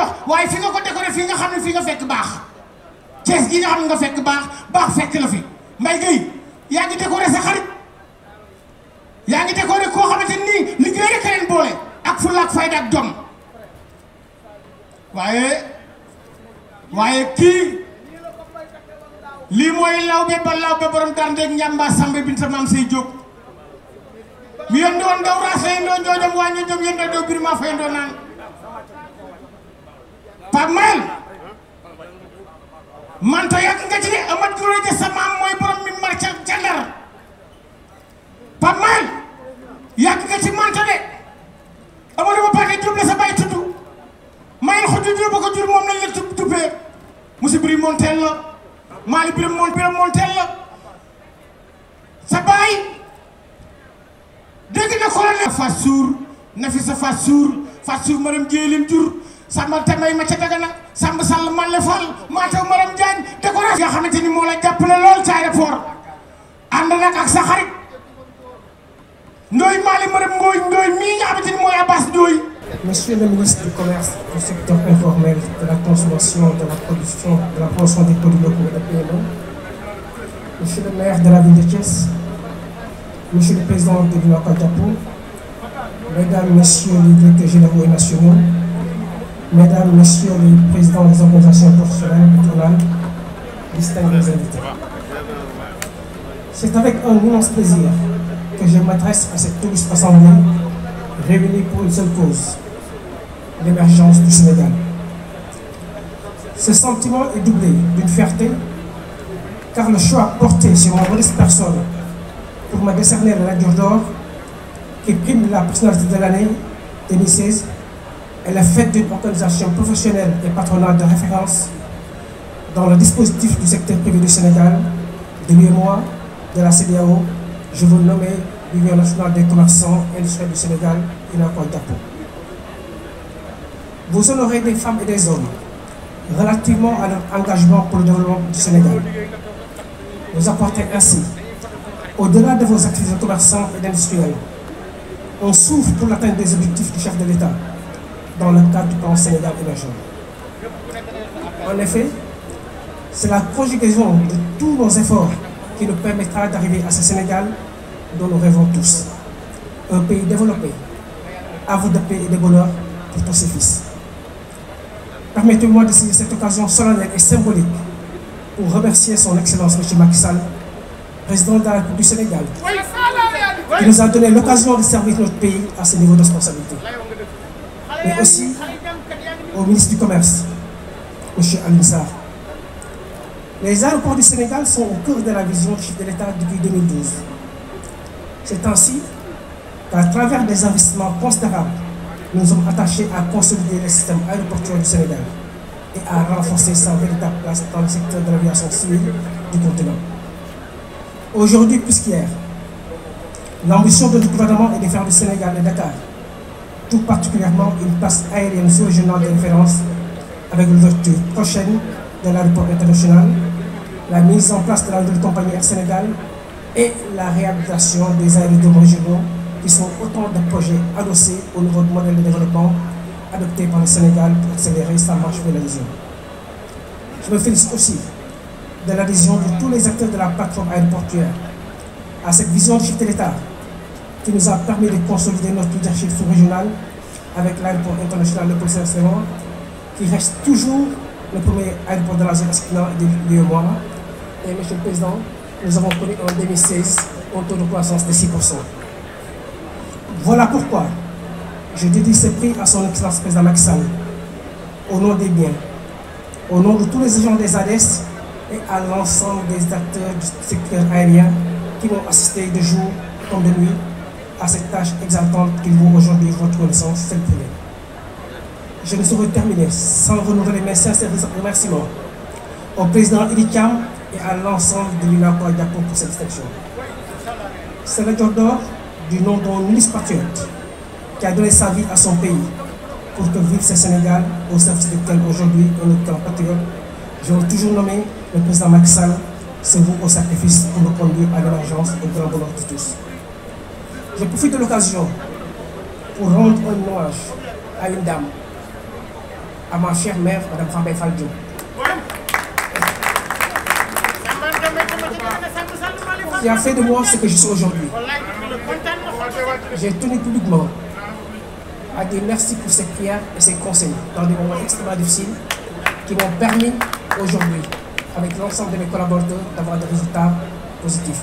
jox waaye fi nga ko décoré fi nga xam ne fi nga fekk baax Cees gi nga xam ne nga fekk baax baax fekk la fi Mbaye Gueye yaa ngi décoré sa xarit yaa ngi décoré koo xamante nii liggéey rek boole ak fulla ak fayda ak jom waaye waaye kii lii mooy lawbe ba lawbe borom darndeeg njàmba sambe binta maam say jóg mi yendoo ndaw raas la yendoo njoojom waa ñoojom yendoo daw birima fa yendoo naan Pape man te yàgg nga ci ne Amadou Touré de sa mam moy borom mi marché ak jàndar yak ya, nga ci man te de amad ba pakay Diop sa bàyyi tuddu mayen xuddu Diop ko djur mom lañ la tuppé musibri Montel la Mali Birame Mon Birame Montel la sa baay deug na ko la fasour nafi sa fasour fasour maram djelim djur sàmbal tamay ma ca Dagana Samb Sall Malle fal Mataw Maram Diagne décoration nga xamante ni mo la jàppale lol ci aéroport and nag ak sa xarit Ndoye Mali Maram Ngoy Ndoye mii nga xamante ni Abbas Ndoye Monsieur le ministre du Commerce, du secteur informel, de la consommation, de la production, de la production des produits locaux et de PME, Monsieur le maire de la ville de Thiès, Monsieur le président de l'UNACODAPO, Mesdames, Messieurs les directeurs généraux et nationaux, Mesdames, Messieurs les présidents des organisations professionnelles culturelles, distingués invités. C'est avec un immense plaisir que je m'adresse à cette touriste assemblée réunie pour une seule cause, l'émergence du Sénégal. Ce sentiment est doublé d'une fierté, car le choix porté sur ma bonne personne pour me décerner la Dure d'Or, qui prime la personnalité de l'année 2016, est faite d'une organisation professionnelle et patronale de référence dans le dispositif du secteur privé du Sénégal, de l'UMOA, de la CDAO, je vous nomme l'Union nationale des commerçants et industriels du Sénégal, et d'Appel. Vous honorez des femmes et des hommes relativement à leur engagement pour le développement du Sénégal. Vous apportez ainsi, au-delà de vos activités de commerçants et d'industriels, on souffre pour l'atteinte des objectifs du chef de l'État dans le cadre du plan Sénégal En effet, c'est la conjugaison de tous nos efforts qui nous permettra d'arriver à ce Sénégal dont nous rêvons tous. Un pays développé, vous de paix et de bonheur pour tous ses fils. Permettez-moi de saisir cette occasion solennelle et symbolique pour remercier son Excellence M. Macky président de la République du Sénégal, qui nous a donné l'occasion de servir notre pays à ce niveau de responsabilité mais aussi au ministre du Commerce, M. Almoussar. Les aéroports du Sénégal sont au cœur de la vision du chef de l'État depuis 2012. C'est ainsi qu'à travers des investissements considérables, nous sommes attachés à consolider le système aéroportuaire du Sénégal et à renforcer sa véritable place dans le secteur de l'aviation civile du continent. Aujourd'hui plus qu'hier, l'ambition de notre gouvernement est de faire du Sénégal et Dakar tout particulièrement une place aérienne sur le journal de référence avec l'ouverture prochaine de l'aéroport international, la mise en place de la de compagnie Air Sénégal et la réhabilitation des aéroports régionaux qui sont autant de projets adossés au nouveau modèle de développement adopté par le Sénégal pour accélérer sa marche vers l'adhésion. Je me félicite aussi de l'adhésion de tous les acteurs de la plateforme aéroportuaire à cette vision du chef de l'État qui nous a permis de consolider notre leadership sous-régional avec l'aéroport international de poussin qui reste toujours le premier aéroport de la zone et de Et M. le Président, nous avons connu en 2016 un taux de croissance de 6%. Voilà pourquoi je dédie ce prix à son excellence président Macky au nom des biens, au nom de tous les agents des ADES et à l'ensemble des acteurs du secteur aérien qui m'ont assisté de jour comme de nuit à cette tâche exaltante qu'il vaut aujourd'hui votre connaissance, le premier. Je ne saurais terminer sans renouveler mes sincères remerciements au président Idicam et à l'ensemble de l'UNACOA pour cette distinction. C'est le d'or du nom d'un ministre patriote qui a donné sa vie à son pays pour que vive ce Sénégal au service duquel aujourd'hui on est un patriote. J'aurais toujours nommé le président Maxal, c'est vous au sacrifice pour nous conduire à l'émergence au grand bonheur de tous. Je profite de l'occasion pour rendre un hommage à une dame, à ma chère mère, madame Fambé Faldio. Qui a fait de moi ce que je suis aujourd'hui. J'ai tenu publiquement à dire merci pour ses prières et ses conseils dans des moments extrêmement difficiles qui m'ont permis aujourd'hui, avec l'ensemble de mes collaborateurs, d'avoir des résultats positifs.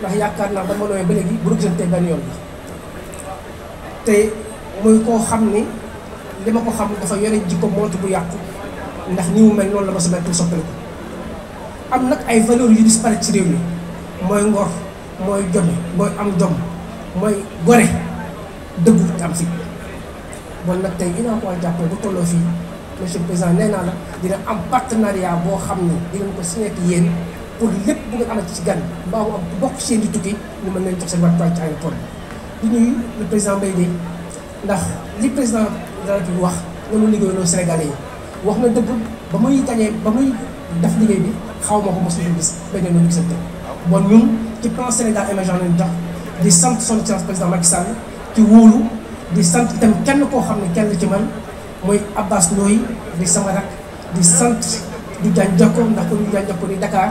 ndax yaakaar naa ba ma nooyee ba léegi bu dul gisante benn te muy koo xam ni li ma ko xam dafa yore jikko moonte bu yàqu ndax ni mu mel noonu la ma sa mel pour soppali ko am nag ay valeurs yu disparaître ci réew mi mooy ngor mooy jome mooy am jom mooy gore dëggu te am fit bon nag tey dinaa ko war bu tolloo fii monsieur le président nee naa la dina am partenariat boo xam ne dinañ ko signé ak yéen pour lépp bu nga amati ci gan mbaa am bokk seen di tukki ñu mën leen jox seen wàccuwaay ci aéroport bi di ñuy le président Mbaye Guèye ndax li président de la wax na mu liggéeyaloo Sénégalais yi wax na dëgg ba muy gañee ba muy def liggéey bi xaw ma ko mos nañu gis bañ a nuyu gisante bon ñun ci plan Sénégal émergent lañu tax di sant son excellence président Macky Sall ci wóolu di sant itam kenn koo xam ne kenn ci man mooy Abbas Ndoye di sama rak di sant du Diagne Diakko ndax commune Diagne Diakko di Dakar.